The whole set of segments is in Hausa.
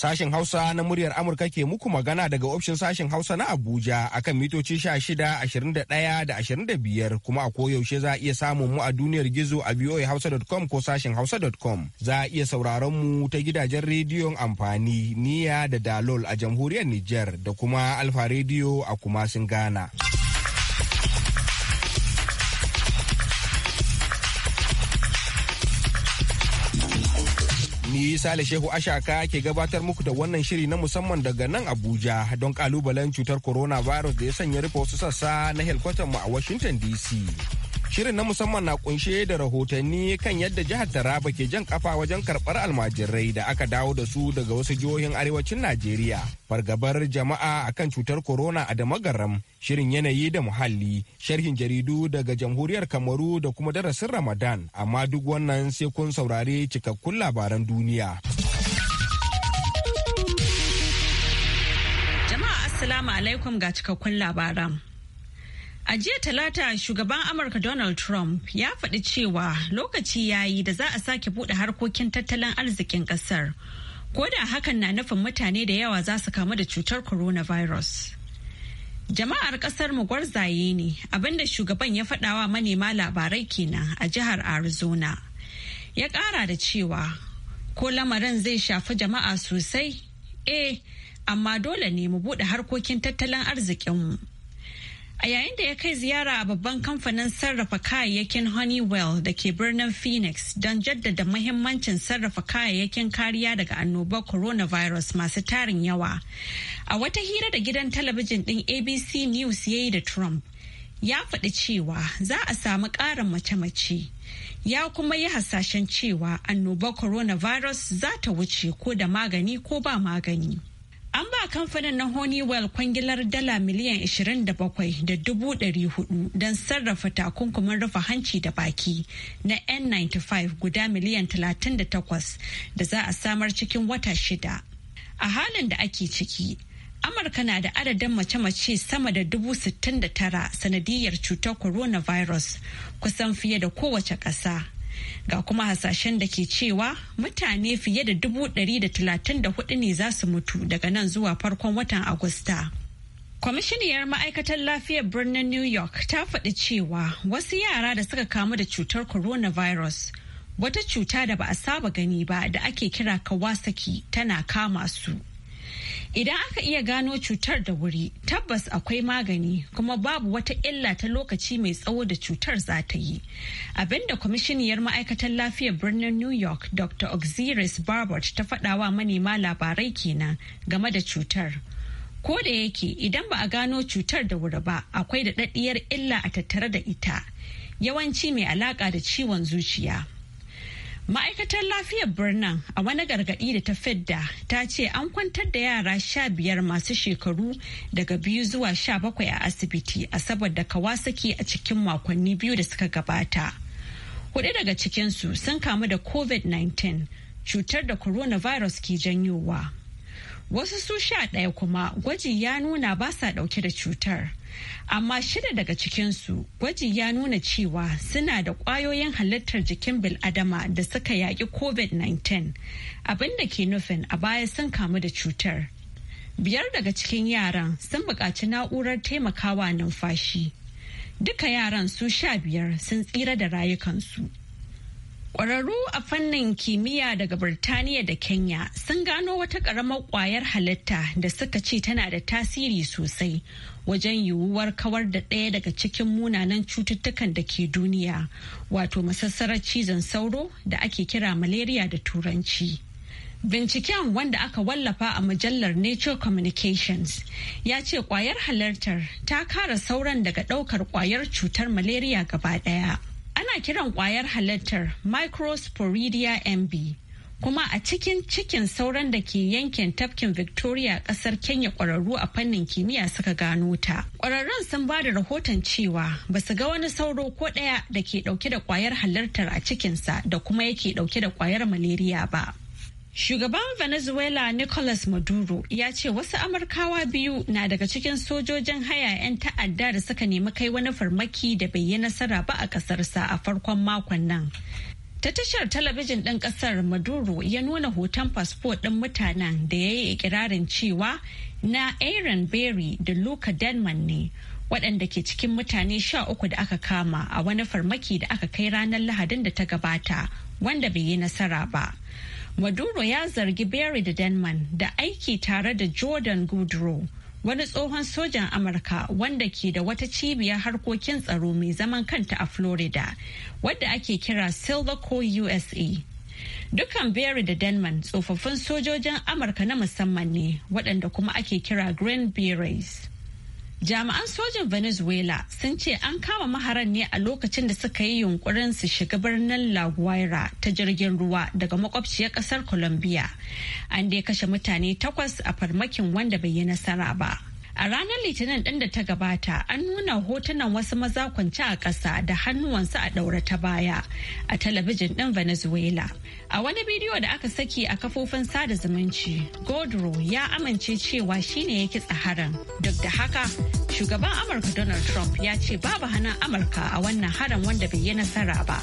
Sashen Hausa na muryar Amurka ke muku magana daga ofishin sashen Hausa na Abuja akan mitoci 16, ashirin da biyar kuma a koyaushe za a iya samun mu a duniyar gizo a voahausa.com ko sashen hausa.com. Za a iya sauraron mu ta gidajen rediyon amfani niya da dalol a jamhuriyar Nijar da kuma Alfa rediyo a kumasin Ghana. Ni Sale Shehu Ashaka ke gabatar muku da wannan shiri na musamman daga nan Abuja don kalubalen cutar coronavirus da ya sanya rufe wasu sassa na helkwatar mu a Washington DC. Shirin na musamman na kunshe da rahotanni kan yadda jihar Taraba ke jan kafa wajen karɓar almajirai da aka dawo da su daga wasu jihohin arewacin Najeriya. Fargabar jama'a akan cutar corona a damagaram, shirin yanayi da muhalli, sharhin jaridu daga jamhuriyar Kamaru da kuma darasin Ramadan, amma duk wannan sai kun saurari cikakkun labaran duniya. Jama'a Assalamu alaikum ga cikakkun labaran. A jiya talata shugaban Amurka Donald Trump ya faɗi cewa lokaci ya yi da za a sake buɗe harkokin tattalin arzikin ƙasar. Ko da hakan na nufin mutane da yawa za su kamu da cutar coronavirus. Jama'ar ƙasar mu gwarzaye ne abinda shugaban ya faɗawa manema labarai kenan a jihar Arizona. Ya ƙara da cewa ko lamarin zai shafi jama'a sosai? Eh, amma dole ne mu buɗe harkokin tattalin arzikinmu. A yayin da ya kai ziyara a babban kamfanin sarrafa kayayyakin Honeywell da ke birnin Phoenix don jaddada mahimmancin sarrafa kayayyakin kariya daga annobar coronavirus masu tarin yawa. A wata hira da gidan talabijin ɗin ABC News ya yi da Trump, ya faɗi cewa za a samu ƙarin mace-mace. Ya kuma yi hasashen cewa annobar coronavirus za ta wuce ko da magani ko ba magani. An ba kamfanin na Honeywell kwangilar dala miliyan 27 da dubu ɗari hudu don sarrafa takunkumin rufe hanci da baki na N95 guda miliyan 38 da za a samar cikin wata shida. A halin da ake ciki, Amurka na da adadin mace-mace sama da dubu sittin da tara sanadiyar cutar coronavirus kusan fiye da kowace ƙasa. Ga kuma hasashen da ke cewa mutane fiye da dubu ɗari da talatin da hudu ne za su mutu daga nan zuwa farkon watan Agusta. Kwamishiniyar Ma'aikatar Lafiyar Birnin New York ta faɗi cewa wasu yara da suka kamu da cutar coronavirus wata cuta da ba a saba gani ba da ake kira kawasaki tana kama su. Idan aka iya gano cutar da wuri, tabbas akwai magani kuma babu wata illa ta lokaci mai tsawo da cutar za ta yi. Abinda kwamishiniyar ma'aikatar lafiyar birnin New York Dr. Auxiris Barbot ta faɗawa manema labarai kenan game da cutar. Ko da yake idan ba a gano cutar da wuri ba akwai da illa a tattare da ita, yawanci mai alaƙa da ciwon zuciya. Ma'aikatar lafiyar birnin a wani gargaɗi da ta fidda ta ce an kwantar da yara sha biyar masu shekaru daga biyu zuwa sha bakwai a asibiti a saboda kawasaki a cikin makonni biyu da suka gabata. Hudu daga cikinsu sun kamu da COVID-19 cutar da coronavirus ke janyowa. Wasu su sha ɗaya kuma gwaji ya nuna ba sa ɗauke da cutar. amma shida daga cikinsu gwaji ya nuna cewa suna da ƙwayoyin halittar jikin bil'adama da suka yaƙi covid-19 abinda ke nufin a baya sun kamu da cutar biyar daga cikin yaran sun buƙaci na'urar taimakawa numfashi duka yaran su sha biyar sun tsira da rayukansu Ƙwararru a fannin kimiyya daga Birtaniya da Kenya sun gano wata ƙaramar ƙwayar halitta da suka ce tana da tasiri sosai wajen yiwuwar kawar da ɗaya daga cikin munanan cututtukan da ke duniya, wato masassarar cizon sauro da ake kira malaria da turanci. Binciken wanda aka wallafa a mujallar Nature Communications ya ce ƙwayar halartar ta kare sauran daga ɗaukar ƙwayar cutar malaria gaba ɗaya. Ana kiran kwayar halittar Microsporidia MB. Kuma a cikin cikin sauran da ke yankin tafkin Victoria kasar Kenya kwararru a fannin kimiyya suka gano ta. kwararren sun ba da rahoton cewa ba su ga wani sauro ko ɗaya da ke ɗauke da kwayar halittar a cikinsa da kuma yake ɗauke da kwayar malaria ba. Shugaban Venezuela Nicolas Maduro ya ce wasu Amurkawa biyu na daga cikin sojojin haya 'yan ta'adda da suka nemi kai wani farmaki da bai yi nasara ba a kasarsa a farkon makon nan. Ta tashar talabijin ɗin ƙasar Maduro ya nuna hoton fasfo ɗin mutanen da ya yi ikirarin cewa na Aaron Berry da Luka Denman ne waɗanda ke cikin mutane sha uku da aka kama a wani farmaki da aka kai ranar Lahadin da ta gabata wanda bai yi nasara ba. maduro ya zargi Barry da denman da aiki tare da jordan goodrow wani tsohon sojan amurka wanda ke da wata cibiyar harkokin tsaro mai zaman kanta a florida wadda ake kira silver co usa dukan Barry da denman tsofaffin sojojin amurka na musamman ne waɗanda kuma ake kira green berets Jami'an Sojin Venezuela sun ce an kama maharan ne a lokacin da suka yi yunkurin su shiga birnin La Guaira ta jirgin ruwa daga makwabciyar kasar Colombia. An dai kashe mutane takwas a farmakin wanda bai yi nasara ba. A ranar Litinin ɗin da ta gabata an nuna hotunan wasu maza kwance a ƙasa da hannuwansu a ɗaura ta baya a talabijin ɗin Venezuela. A wani bidiyo da aka saki a kafofin sada zumunci, Godro ya amince cewa shi ne ya kitsa harin. Duk da haka, shugaban Amurka Donald Trump ya ce babu hannun Amurka a wannan haran wanda bai yi nasara ba.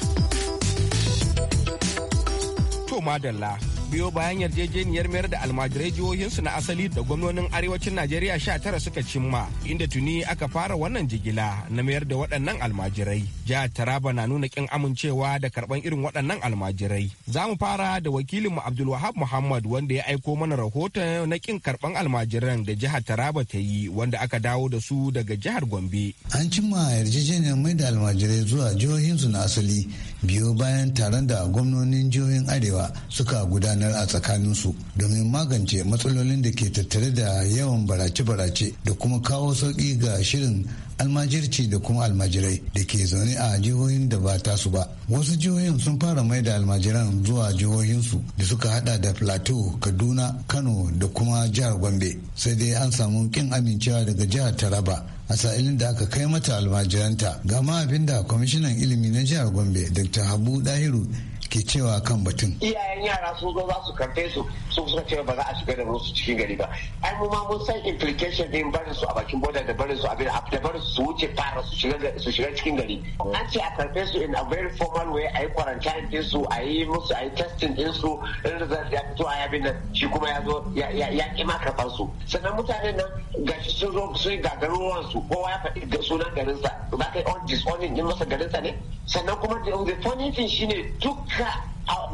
To madalla biyo bayan yarjejeniyar mayar da almajirai jihohinsu na asali da gwamnonin arewacin najeriya sha tara suka cimma inda tuni aka fara wannan jigila na mayar da waɗannan almajirai jihar taraba na nuna kin amincewa da karɓan irin waɗannan almajirai za mu fara da wakilinmu abdulwahab muhammad wanda ya aiko mana rahoton na kin karɓan almajiran da jihar taraba ta yi wanda aka dawo da su daga jihar gombe an cimma yarjejeniyar mayar da almajirai zuwa jihohinsu na asali biyo bayan taron da gwamnonin jihohin arewa suka gudana gudanar a tsakaninsu domin magance matsalolin da ke tattare da yawan barace-barace da kuma kawo sauƙi ga shirin almajirci da kuma almajirai da ke zaune a jihohin da ba tasu ba wasu jihohin sun fara mai da almajiran zuwa jihohinsu da suka hada da plateau kaduna kano da kuma jihar gombe sai dai an samu kin amincewa daga jihar taraba a sa'ilin da aka kai mata almajiranta ga ma kwamishinan ilimi na jihar gombe dr habu dahiru ke cewa kan batun. Iyayen yara sun zo za su karfe su sun suka cewa ba za a shiga da su cikin gari ba. Ai mu ma mun san implication din barin su a bakin boda da barin su a bin da barin su wuce fara su shiga su shiga cikin gari. An ce a karfe su in a very formal way ayi yi quarantine din su a musu a testing din su in result ya fito a yabin nan shi kuma ya zo ya ki ma karɓar su. Sannan mutanen nan gashi sun zo sun yi gagaruwan su kowa ya faɗi sunan garinsa za ka yi on disowning din masa garinsa ne. Sannan kuma the funny thing shine duk duka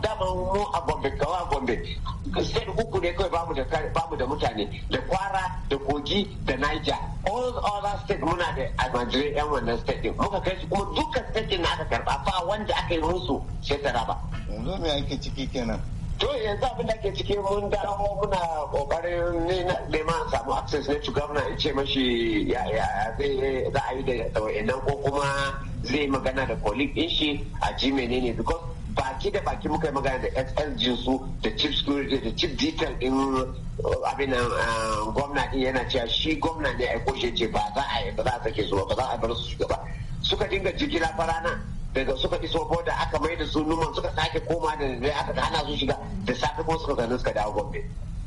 dama mu a gombe kawa gombe state uku ne kawai bamu da bamu da mutane da kwara da kogi da niger all other state muna da almajirai yan wannan state din muka kai su kuma duka state na aka karba fa wanda aka yi musu sai ba yanzu me ake ciki kenan to yanzu abin da ke ciki mun dawo muna kokarin ne na neman samu access ne to governor ya ce mashi ya zai za a yi da wayannan ko kuma zai magana da colleague din shi a ji menene because baki da baki muka yi magana da S_L su da chief security da chief detail in uh, abin nan uh, gwamna din yana cewa shi gwamna ne a koshe ce ba za a ba za a sake su ba za a bar su shiga ba suka dinga jigila farana daga suka iso boda aka mai da su numan suka sake koma da dare aka hana su shiga da safe ko suka gani suka dawo gombe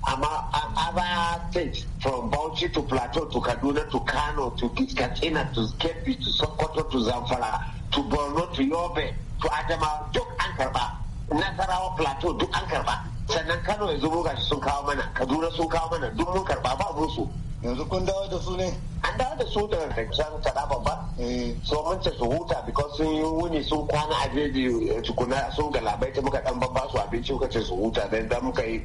amma ba states from Bauchi to Plateau to Kaduna to Kano to Katsina to Kebbi to Sokoto to Zamfara to Borno to Yobe to Adama duk karba nasarawa plateau duk an karba sannan kano yanzu zubo gashi sun kawo mana kaduna sun kawo mana duk mun karba ba musu yanzu kun dawo da su ne an dawo da su da rikishan taraba ba eh. so mun ce su huta because sun yi wuni sun kwana a jeji eh, tukuna sun galabai ta muka dan babba su abinci muka ce su huta dan da muka yi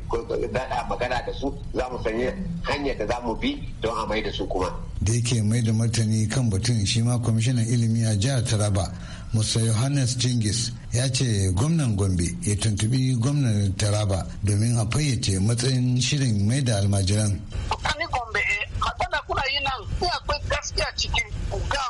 dada magana da su za mu sanya hanyar da za mu bi don a mai da su kuma da yake mai da martani kan batun shi ma kwamishinan ilimi a jihar taraba Musa Yohannes Jingis ya ce gwamnan Gombe ya tuntubi gwamnan Taraba domin a fayyace matsayin shirin mai da almajiran. Mutane Gombe, eh, matsala kuna yi nan, akwai gaskiya cikin ga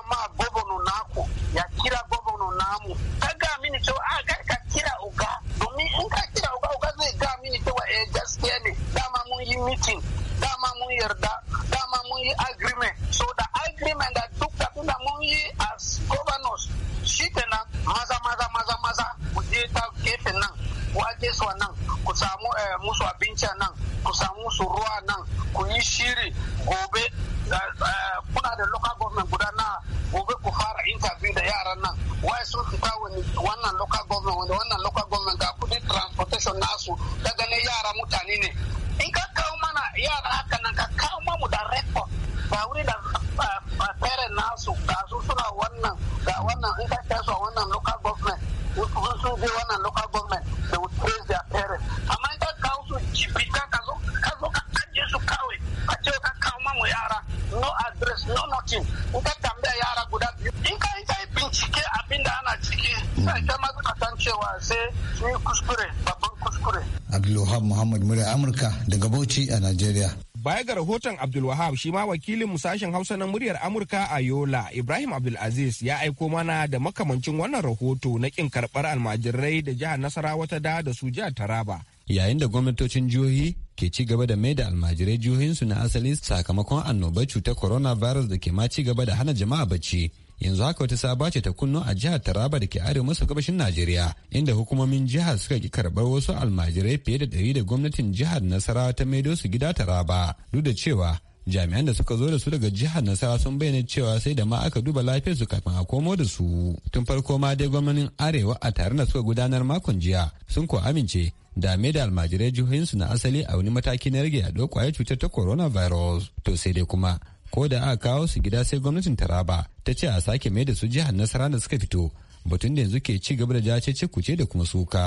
Abdulwahab Muhammad murya Amurka daga Bauchi a Najeriya. Baya ga rahoton Abdulwahab shi ma wakilin musashen Hausa na muryar Amurka a Yola Ibrahim Abdulaziz ya aiko mana da makamancin wannan rahoto na kin karbar almajirai da jihar Nasarawa ta da da su jihar Taraba. Yayin da gwamnatocin jihohi ke ci gaba da mai da almajirai jihohinsu na asali sakamakon annobar cutar coronavirus da ke ma ci gaba da hana jama'a bacci. yanzu haka wata saba ce ta kunno a jihar taraba da ke arewa masu gabashin najeriya inda hukumomin jihar suka ki karbar wasu almajirai fiye da ɗari da gwamnatin jihar nasarawa ta maido su gida taraba duk da cewa jami'an da suka zo da su daga jihar nasara sun bayyana cewa sai da ma aka duba lafiyar su kafin a komo da su tun farko ma dai gwamnatin arewa a tare da suka gudanar makon jiya sun ko amince da me da almajirai jihohinsu na asali a wani mataki na rage yaɗuwar kwayar cutar ta coronavirus to sai dai kuma ko da aka kawo su gida sai gwamnatin taraba ta ce a sake mai da su jihar nasara da suka fito batun da yanzu ke ci gaba da jace ce kuce da kuma suka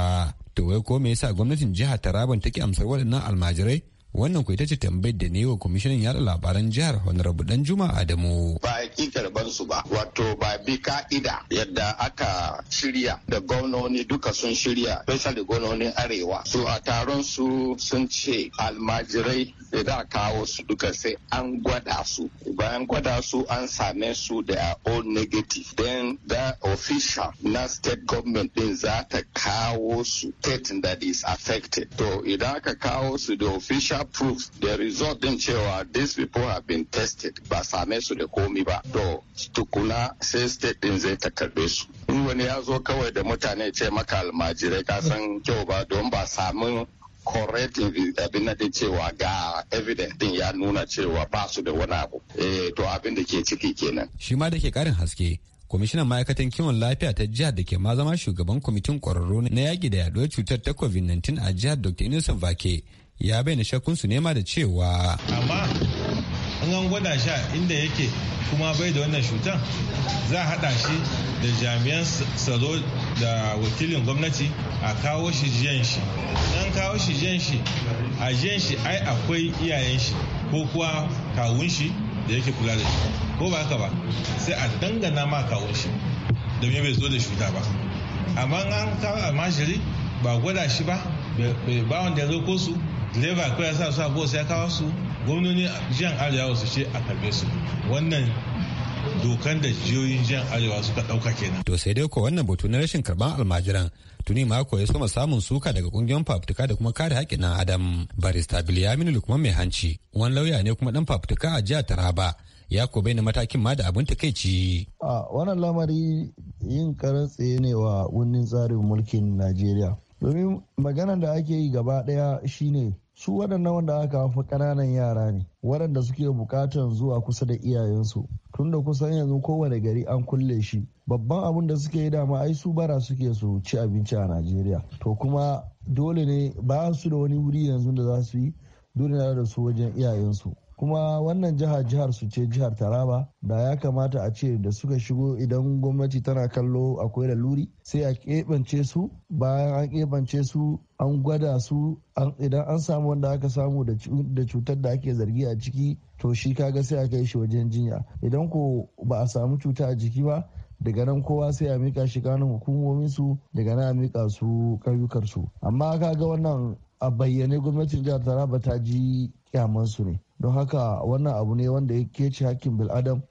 to wai ko me yasa gwamnatin jihar taraban ta take amsar waɗannan almajirai wannan ku ita ce tambayar da ne wa kwamishinan yada labaran jihar honorable dan juma adamu ba a ki karban su ba wato ba bi ka'ida yadda aka shirya da gwamnoni duka sun shirya da gwamnonin arewa su a taron su sun ce almajirai da za kawo su duka sai an gwada su bayan gwada su an same su da o negative then the official na state government din za ta kawo su state that is affected to idan aka kawo su da official have the result din cewa these people have been tested ba same su da komi ba to tukuna sai state din zai ta karbe su in wani ya zo kawai da mutane ce maka almajirai ka san kyau ba don ba samu correct abin da cewa ga evidence din ya nuna cewa ba su da wani abu eh to abin da ke ciki kenan shi ma da ke karin haske kwamishinan ma'aikatan kiwon lafiya ta jihar da ke ma zama shugaban kwamitin kwararru na yaƙi da yaduwar cutar ta covid-19 a jihar dr innocent vake ya bayyana shakkunsu nema da cewa amma in an gwada sha inda yake kuma bai da wannan cutan za a hada shi da jami'an tsaro da wakilin gwamnati a kawo shi jiyan shi an kawo shi jiyan shi a jiyan shi ai akwai iyayen shi ko kuwa kawun shi da yake kula da shi ko ba haka ba sai a dangana ma kawun shi da bai zo da cuta ba amma an kawo almajiri ba gwada shi ba ba wanda ya zo ko su direba kawai sa su a go sai kawo su gwamnoni jiyan arewa su ce a karbe su wannan dokan da jiyoyin jiyan arewa suka dauka kenan to sai dai ko wannan batu na rashin karban almajiran tuni mako ya soma samun suka daga kungiyar fafutuka da kuma kare haƙƙin ɗan adam barista bilyaminu lukman mai hanci wani lauya ne kuma dan fafutuka a jihar taraba ya ko bai na matakin ma da abin takaici. a wannan lamari yin karan ne wa wunnin tsarin mulkin najeriya domin maganar da ake yi gaba ɗaya shine su waɗannan wanda aka haifa ƙananan yara ne waɗanda suke buƙatar zuwa kusa da iyayensu tunda kusan yanzu kowane gari an kulle shi babban abin da suke yi dama ai su bara suke su ci abinci a najeriya to kuma dole ne ba su da wani wuri yanzu da za su yi dole na da su wajen iyayensu kuma wannan jihar jihar su ce jihar taraba da ya kamata a ce da suka shigo idan gwamnati tana kallo akwai luri sai a kebance su bayan an keɓance su an gwada su idan an samu wanda aka samu da cutar da ake zargi a ciki to shi kaga sai a kai shi wajen jinya idan ko ba a samu cuta a jiki ba daga nan kowa sai a mika shi kanin hukumomin su daga nan a mika su su amma kaga wannan a bayyane gwamnatin jihar taraba ta ji kyamansu ne don haka wannan abu ne wanda ya keci hakkin bil'adam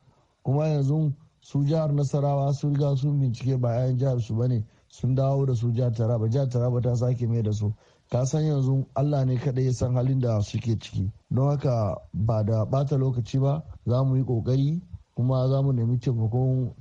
kuma yanzu su jihar nasarawa sun riga sun bincike ba 'ya'yan jihar su bane sun dawo da su jihar taraba jihar taraba ta sake mai da su ka san yanzu allah ne kaɗai ya san halin da suke ciki don haka ba da bata lokaci ba za mu yi kokari kuma za mu nemi taimakon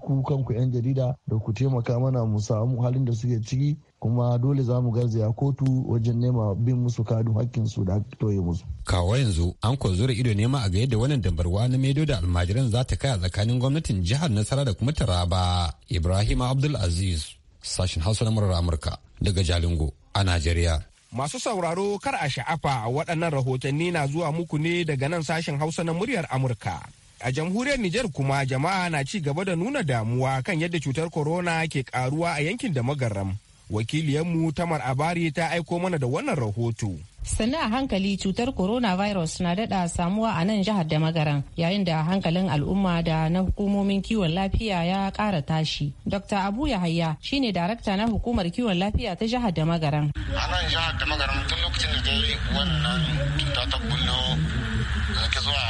ku 'yan jarida da ku taimaka mana mu samu halin da suke ciki kuma dole za mu garzaya kotu wajen nema bin musu kadun hakkin su da toye musu. kawo yanzu an ko zura ido nema a ga yadda wannan dambarwa na medo da almajiran za ta kai a tsakanin gwamnatin jihar nasara da kuma taraba ibrahim abdul aziz sashen hausa na murar amurka daga jalingo a najeriya Masu sauraro kar a sha'afa waɗannan rahotanni na zuwa muku ne daga nan sashen Hausa na muryar Amurka. A jamhuriyar Nijar kuma jama'a na ci gaba da nuna damuwa kan yadda cutar corona ke karuwa a yankin da magaram. wakiliyanmu tamar abari ta aiko mana da wannan rahoto sannan a hankali cutar coronavirus na dada samuwa a nan jihar da magaran yayin da hankalin al'umma da na hukumomin kiwon lafiya ya kara tashi dr abu yahaya shine darakta na hukumar kiwon lafiya ta jihar da magaran a nan jihar da magaran tun lokacin da yi wannan cuta ta bullo ke zuwa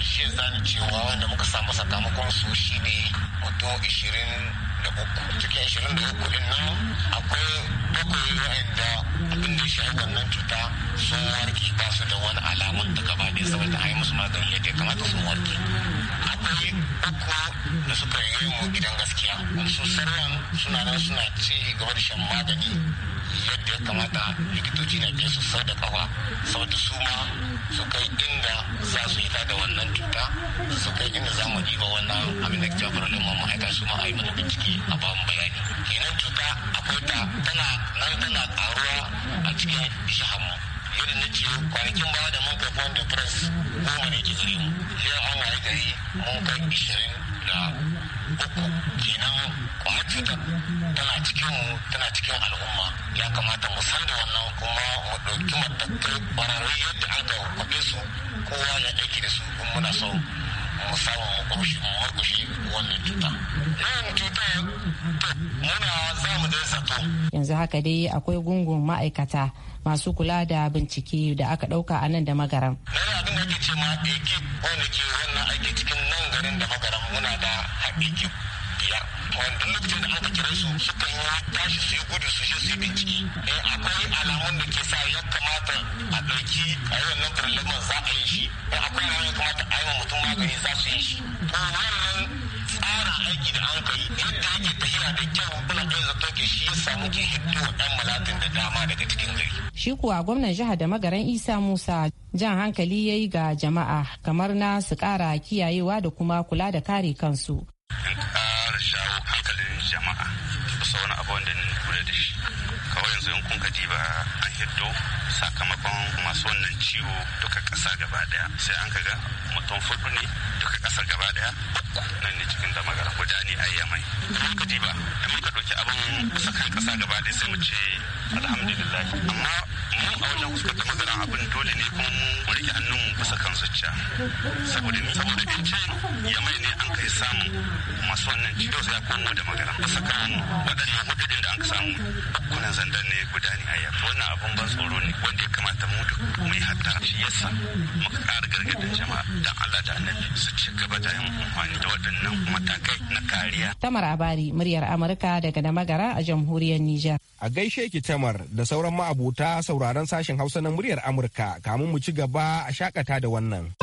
shi zani cewa wanda muka samu sakamakon su shine mutum da uku cikin ashirin da uku din nan akwai bakwai wa'anda abin da ya wannan cuta sun warke ba su da wani alamun da gaba ɗaya saboda a yi musu magani yadda ya kamata sun warke akwai uku da suka yi mu gidan gaskiya su sauran suna nan suna ci gaba da shan magani yadda ya kamata likitoci na biyu su sau da kawa saboda su ma su kai inda za su yi da wannan cuta su kai inda za mu diba wannan abin da ke ne mu aika su ma a yi mana bincike a ba mu bayani kenan cuta akwai ta tana nan tana karuwa a cikin shahamu mu irin na ce kwanakin bawa da mun kai da press goma ne ke zuri mu yau an ayi gari mun kai ishirin da uku kenan cutar tana cikin tana cikin al'umma ya kamata mu san da wannan kuma mu ɗauki matakai ƙwararru yadda aka kwaɓe su kowa ya aiki da su kuma muna so mu samu mu mu murkushe wannan cuta yawan cuta muna za mu dai zato yanzu haka dai akwai gungun ma'aikata masu kula da bincike da aka ɗauka a nan da magaran Yana abin da ake ce ma ekip wanda ke wannan aiki cikin nan garin da magaram muna da ekip biyar. Wanda lokacin da aka kira su sukan yi tashi su yi gudu su je su yi bincike. Eh, akwai alamun da ke sa ya kamata a ɗauki a yi wannan turleman za a yi shi. Eh, akwai alamun kamata a yi wa mutum magani za su yi shi. To wannan tsara aiki da an kai yadda yake tafiya da kyau muna kai zato ke shi ya samu ke hiddo dan malatin da dama daga cikin gari shi kuwa gwamnan jihar da magaran isa musa jan hankali ya yi ga jama'a kamar na su kara kiyayewa da kuma kula da kare kansu ƙara shawo hankalin jama'a bisa wani abu wanda ni kula da shi kawai yanzu in kun ba an hiddo sakamakon masu wannan ciwo duka ƙasa gaba daya sai an kaga mutum furfu ne duka kasa gaba daya nan ne cikin damagara guda ne a yamai muka diba da muka doki abin sakan ƙasa gaba daya sai mu ce alhamdulillah amma mu a wajen fuskar da magana abin dole ne kuma mu rike hannun bisa kan zuciya saboda ne saboda in ce yamai ne an kai samu masu wannan ciwo sai ya komo da magana bisa kan waɗannan hududin da an samu kunan zandar ne guda ne a wannan abin ban tsoro ne wanda ya kamata mu duk Mai hatta shi yasa muka ƙara gargadin jama'a don Allah da annabi su ci gaba da yin amfani da waɗannan matakai na kariya. Tamar Abari muryar Amurka daga Namagara a jamhuriyar Nijar. A gaishe ki Tamar da sauran ma'abuta sauraron sashen Hausa na muryar Amurka kamun mu ci gaba a shakata da wannan.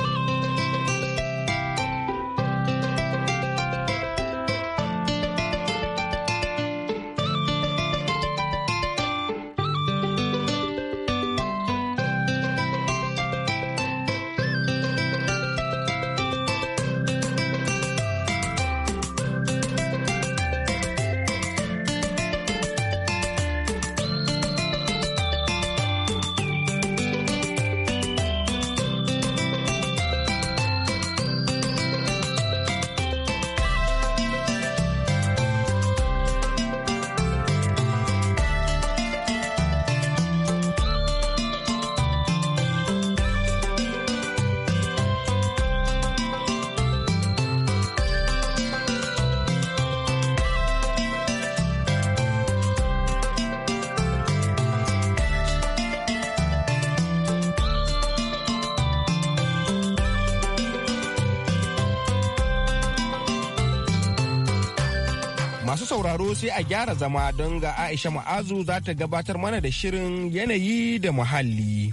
sauraro sai a gyara zama don ga Aisha Ma'azu za ta gabatar mana da shirin yanayi da muhalli.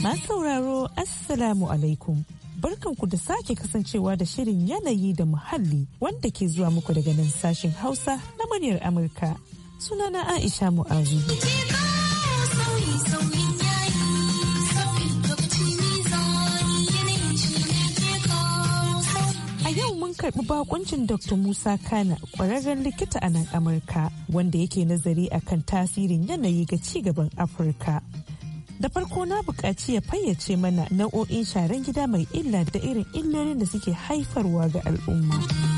Masauraro sauraro Assalamu alaikum. Barkanku da sake kasancewa da shirin yanayi da muhalli wanda ke zuwa muku daga nan sashen Hausa na muryar Amurka. Sunana Aisha Mu'azu. karbi bakuncin Dr. Musa Kana kwararren likita a nan Amurka wanda yake nazari akan tasirin yanayi ga ci gaban Afirka. Da farko na bukaci ya fayyace mana nau'o'in sharan gida mai illa da irin illolin da suke haifarwa ga al'umma.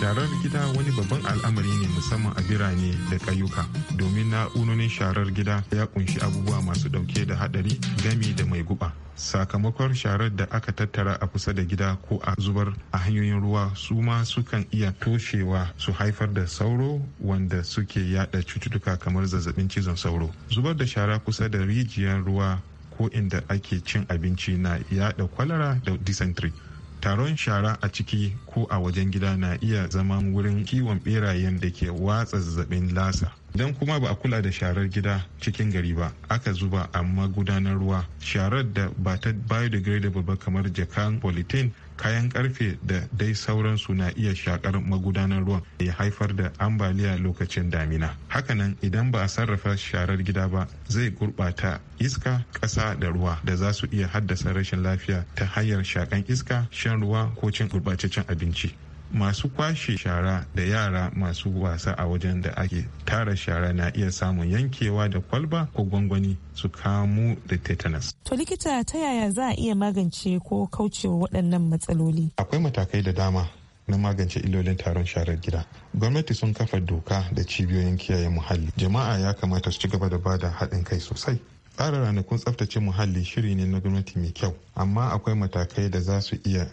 sharar gida wani babban al'amari ne musamman a birane da ƙauyuka domin na'unonin sharar gida ya kunshi abubuwa masu ɗauke da haɗari gami da mai guba sakamakon sharar da aka tattara a kusa da gida ko a zubar a hanyoyin ruwa su ma sukan iya toshewa su haifar da sauro wanda suke yada cututtuka kamar zazzabin cizon sauro zubar da shara kusa da rijiyar ruwa ko inda ake cin abinci na yada kwalara da dysentery taron shara a ciki ko a wajen gida na iya zama wurin kiwon berayen da ke watsa zazzabin lasa idan kuma ba a kula da sharar gida cikin gari ba aka zuba a magudanar ruwa sharar da ba ta biodegradable ba kamar jakan polythene kayan karfe da dai sauransu na iya shakar magudanar ruwan da ya haifar da ambaliya lokacin damina hakanan idan ba a sarrafa sharar gida ba zai gurɓata iska ƙasa da ruwa da za su iya haddasa rashin lafiya ta hanyar shakan iska shan ruwa ko cin gurbataccen abinci masu kwashe shara da yara masu wasa a wajen da ake tara shara na iya samun yankewa da kwalba ko gwangwani su kamu da tetanus. To likita ta yaya za a iya magance ko kaucewa waɗannan matsaloli? Akwai matakai da dama na magance illolin taron sharar gida. Gwamnati sun kafa doka da cibiyoyin kiyaye muhalli. Jama'a ya kamata su ci gaba da bada haɗin kai sosai. Tsara ranakun tsaftace muhalli shiri ne na gwamnati mai kyau, amma akwai matakai da za su iya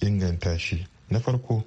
inganta shi. Na farko,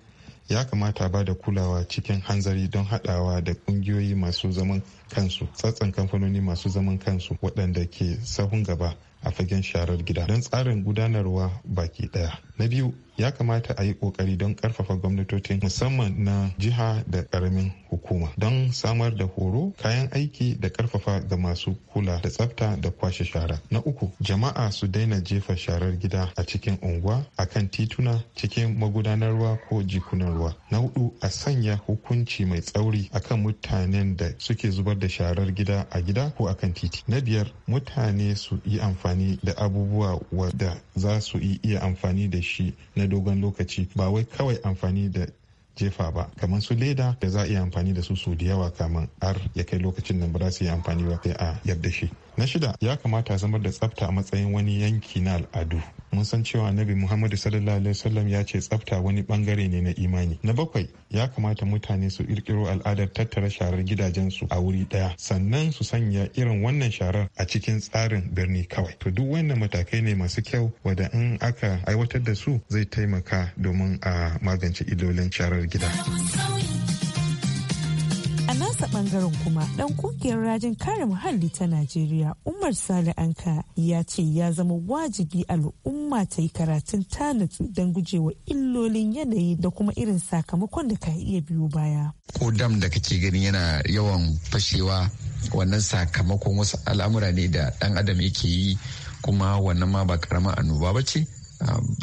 ya kamata ba da kulawa cikin hanzari don haɗawa da ƙungiyoyi masu zaman kansu tsatsan kamfanoni masu zaman kansu waɗanda ke sahun gaba a fagen sharar gida don tsarin gudanarwa baki ɗaya na biyu ya kamata a yi kokari don karfafa gwamnatocin musamman na jiha da karamin hukuma don samar da horo kayan aiki da karfafa ga masu kula da tsafta da kwashe shara na uku jama'a su daina jefa sharar gida a cikin unguwa a kan tituna cikin magudanar ruwa ko jikunan ruwa na hudu a sanya hukunci mai tsauri akan mutanen da suke zubar da sharar gida a gida ko akan titi na biyar mutane su yi amfani da abubuwa wadda za su iya amfani da shi na dogon lokaci ba wai kawai amfani da jefa ba kamar su leda da za a iya amfani da su su da yawa kamar har ya kai lokacin da ba su yi amfani ba sai a yarda shi na shida ya kamata zamar da tsafta a matsayin wani yanki na al'adu mun san cewa annabi muhammadu sallallahu alaihi wasallam ya ce tsafta wani bangare ne na imani na bakwai ya kamata mutane su kirkiro al'adar tattara sharar gidajensu a wuri daya sannan su sanya irin wannan sharar a cikin tsarin birni kawai to duk wannan matakai ne masu kyau wada in aka aiwatar da su zai taimaka domin a magance illolin sharar kamar gida. A nasa bangaren kuma dan kungiyar rajin kare muhalli ta Najeriya Umar Sale Anka ya ce ya zama wajibi al'umma ta yi karatun tanatu don gujewa illolin yanayi da kuma irin sakamakon da ka iya biyo baya. Ko dam da kake ganin yana yawan fashewa wannan sakamakon wasu al'amura ne da dan adam yake yi kuma wannan ma ba karamar annoba ba ce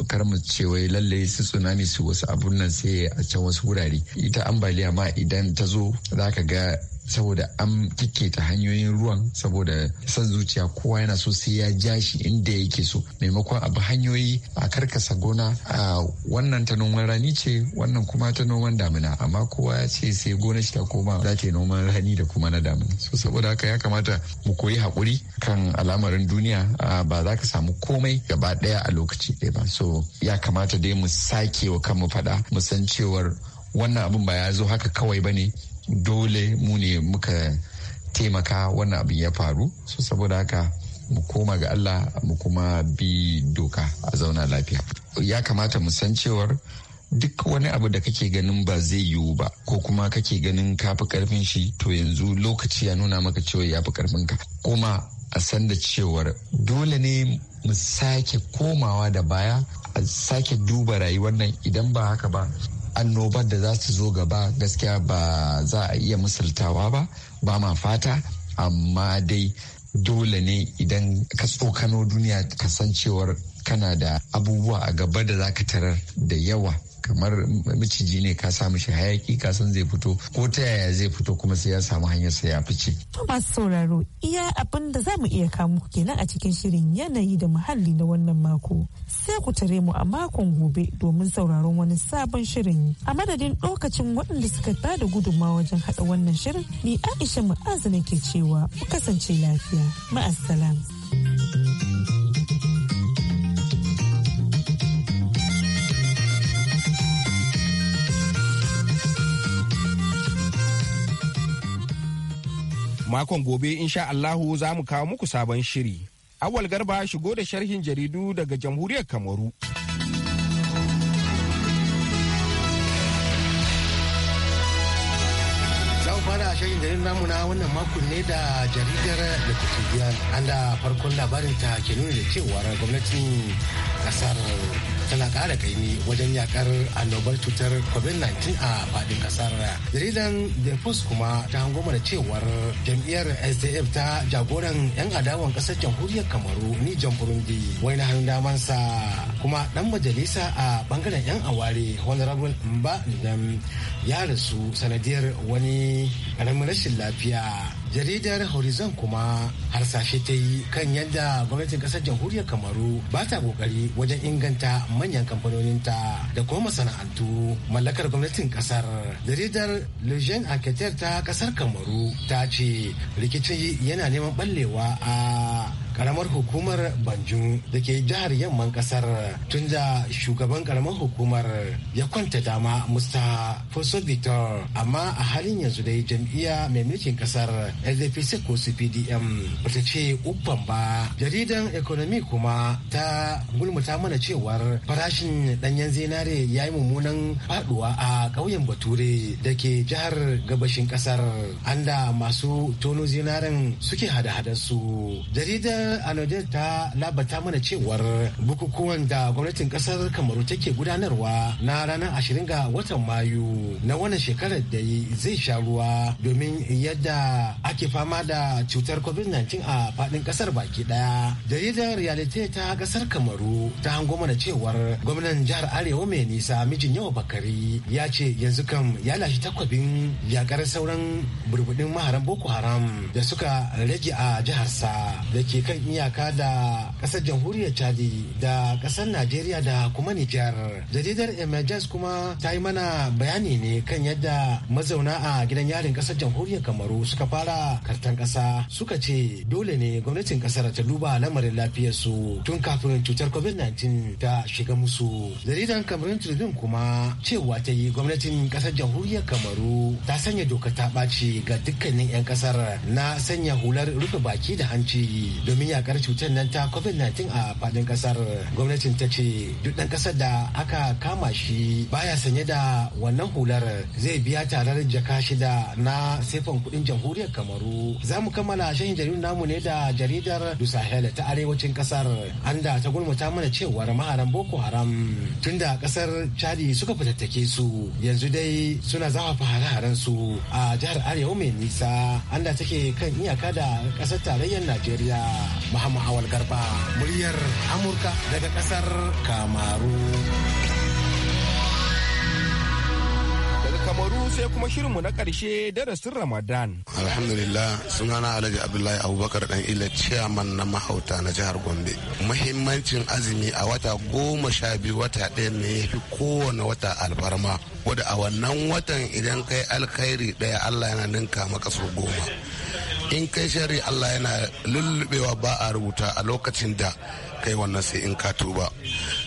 kar mu ce wai lalle su tsunami su wasu abun nan sai a can wasu wurare ita ambaliya ma idan ta zo za ka ga saboda an kike ta hanyoyin ruwan saboda son zuciya kowa yana so sai ya ja shi inda yake so maimakon abu hanyoyi a karkasa gona a wannan ta noman rani ce wannan kuma ta noman damina amma kowa ya ce sai gona shi ta koma za ta noman rani da kuma na damina so saboda haka ya kamata mu koyi hakuri kan al'amarin duniya ba za ka samu komai gaba ɗaya a lokaci ɗaya ba so ya kamata dai mu sake wa kanmu faɗa mu san cewar wannan abin ba ya zo haka kawai ba ne dole mu ne muka taimaka wannan abin ya faru so saboda haka mu koma ga Allah mu kuma bi doka a zauna lafiya ya kamata mu san cewar duk wani abu da kake ganin ba zai yiwu ba ko kuma kake ganin ka fi karfin shi to yanzu lokaci ya nuna maka cewa ya fi karfin ka kuma a san da cewar dole ne mu sake komawa da baya a sake duba rayuwar nan idan ba haka ba annobar da za su zo gaba gaskiya ba za a iya misaltawa ba ba ma fata amma dai dole ne idan ka tsokano duniya kasancewar kana da abubuwa a gaba da za ka tarar da yawa kamar miciji ne ka samu shi hayaki ka san zai fito ko ta yaya zai fito kuma sai ya samu hanyar sa ya fice. To masu sauraro iya abin da za mu iya kamu kenan a cikin shirin yanayi da muhalli na wannan mako. Sai ku tare mu a makon gobe domin sauraron wani sabon shirin. A madadin lokacin waɗanda suka ba da gudunmawa wajen haɗa wannan shirin ni Aisha Ma'azu ke cewa mu kasance lafiya. Ma'assalam. Makon gobe insha Allahu za mu kawo muku sabon shiri. Awal Garba shigo da sharhin jaridu daga Jamhuriyar Kamaru. fara shirin jaridar namu na wannan makon ne da jaridar da biyar an da farkon labarin ta ke nuna da cewa gwamnatin kasar tana ƙara kaimi wajen yakar annobar cutar covid-19 a faɗin ƙasar jaridan the post kuma ta hango da cewar jam'iyyar sdf ta jagoran 'yan adawan ƙasar jamhuriyar kamaru ni jan burundi wani na hannun damansa kuma dan majalisa a bangaren 'yan aware honorable mba ya rasu sanadiyar wani ƙaramin rashin lafiya jaridar horizon kuma har sashe ta yi kan yadda gwamnatin kasar jamhuriyar kamaru ba ta kokari wajen inganta manyan kamfanonin ta da kuma masana'antu mallakar gwamnatin kasar jaridar legion enquete ta kasar kamaru ta ce rikicin yana neman ballewa a karamar hukumar banjun da ke jihar yamman kasar tun da shugaban karamar hukumar ya kwanta dama musta foso victor amma a halin yanzu dai jam'iyya mai mulkin kasar ldpc ko cpdm bata ce uban ba jaridan economy kuma ta gulmuta mana cewar farashin danyen zinare ya yi mummunan faduwa a ƙauyen bature da ke jihar gabashin kasar da masu tono zinaren suke hada hadar su. jaridan a Alode ta labata mana cewar bukukuwan da gwamnatin kasar Kamaru take gudanarwa na ranar ashirin ga watan Mayu na wannan shekarar da zai sha ruwa domin yadda ake fama da cutar COVID-19 a fadin kasar baki ɗaya. Jaridar riyalite ta kasar Kamaru ta hango mana cewar gwamnan jihar Arewa mai nisa mijin yawa bakari ya ce yanzu kam ya lashe takwabin yakar sauran burbudin maharan Boko Haram da suka rage a jiharsa da ke kan kan iyaka da kasar jamhuriyar chadi da kasar najeriya da kuma nijar jaridar emirates kuma ta yi mana bayani ne kan yadda mazauna a gidan yarin kasar jamhuriyar kamaru suka fara kartan kasa suka ce dole ne gwamnatin kasar ta duba lamarin lafiyarsu tun kafin cutar covid-19 ta shiga musu jaridar kamarun tribune kuma cewa ta yi gwamnatin kasar jamhuriyar kamaru ta sanya doka ta ɓaci ga dukkanin 'yan kasar na sanya hular rufe baki da hanci domin domin yakar cutar nan ta covid-19 a fadin kasar gwamnatin ta ce duk ɗan kasar da aka kama shi baya sanye da wannan hular zai biya tarar jaka shida na sefan kuɗin jamhuriyar kamaru za mu kammala shahin jaridar namu ne da jaridar dusahel ta arewacin kasar an da ta gulmuta mana cewar maharan boko haram tunda kasar chadi suka fitattake su yanzu dai suna zafafa hare-haren su a jihar arewa mai nisa an da take kan iyaka da kasar tarayyar najeriya Muhammad Awal Garba, muryar Amurka daga kasar Kamaru. Daga Kamaru sai kuma shirinmu na karshe darasin Ramadan. Alhamdulillah sunana Alhaji Abdullahi Abubakar dan ila ciyaman na mahauta na jihar Gombe. Muhimmancin azumi a wata goma sha biyu wata ɗaya ne ya fi kowane wata alfarma. Wadda a wannan watan idan kai alkhairi ɗaya Allah yana ninka maka sau goma. in kai shari Allah yana lullubewa ba a rubuta a lokacin da kai wannan sai in ka tuba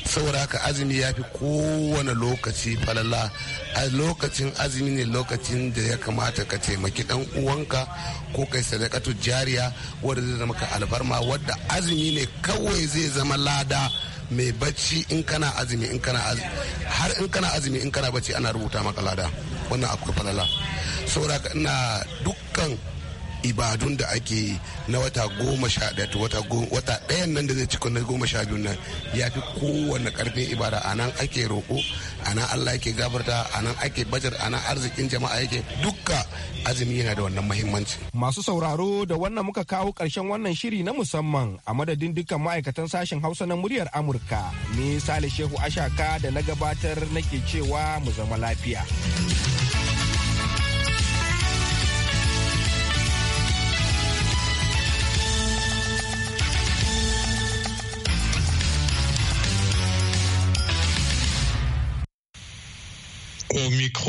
saboda haka azumi ya fi kowane lokaci falala a lokacin azumi ne lokacin da ya kamata ka taimaki dan uwanka ko kai sadakatu jariya wadda zai zama ka alfarma wadda azumi ne kawai zai zama lada mai bacci in kana azumi in kana har in kana azumi in kana bacci ana rubuta maka lada wannan akwai falala saboda haka ina dukkan ibadun da ake yi na wata goma sha ɗaya wata ɗayan nan da zai cikin na goma sha biyu nan ya fi kowane ƙarfin ibada a nan ake roƙo a nan allah yake gabarta a nan ake bajar a nan arzikin jama'a yake dukka azumi yana da wannan mahimmanci. masu sauraro da wannan muka kawo ƙarshen wannan shiri na musamman a madadin dukkan ma'aikatan sashen hausa na muryar amurka ni sale shehu ashaka da na gabatar nake cewa mu zama lafiya. au micro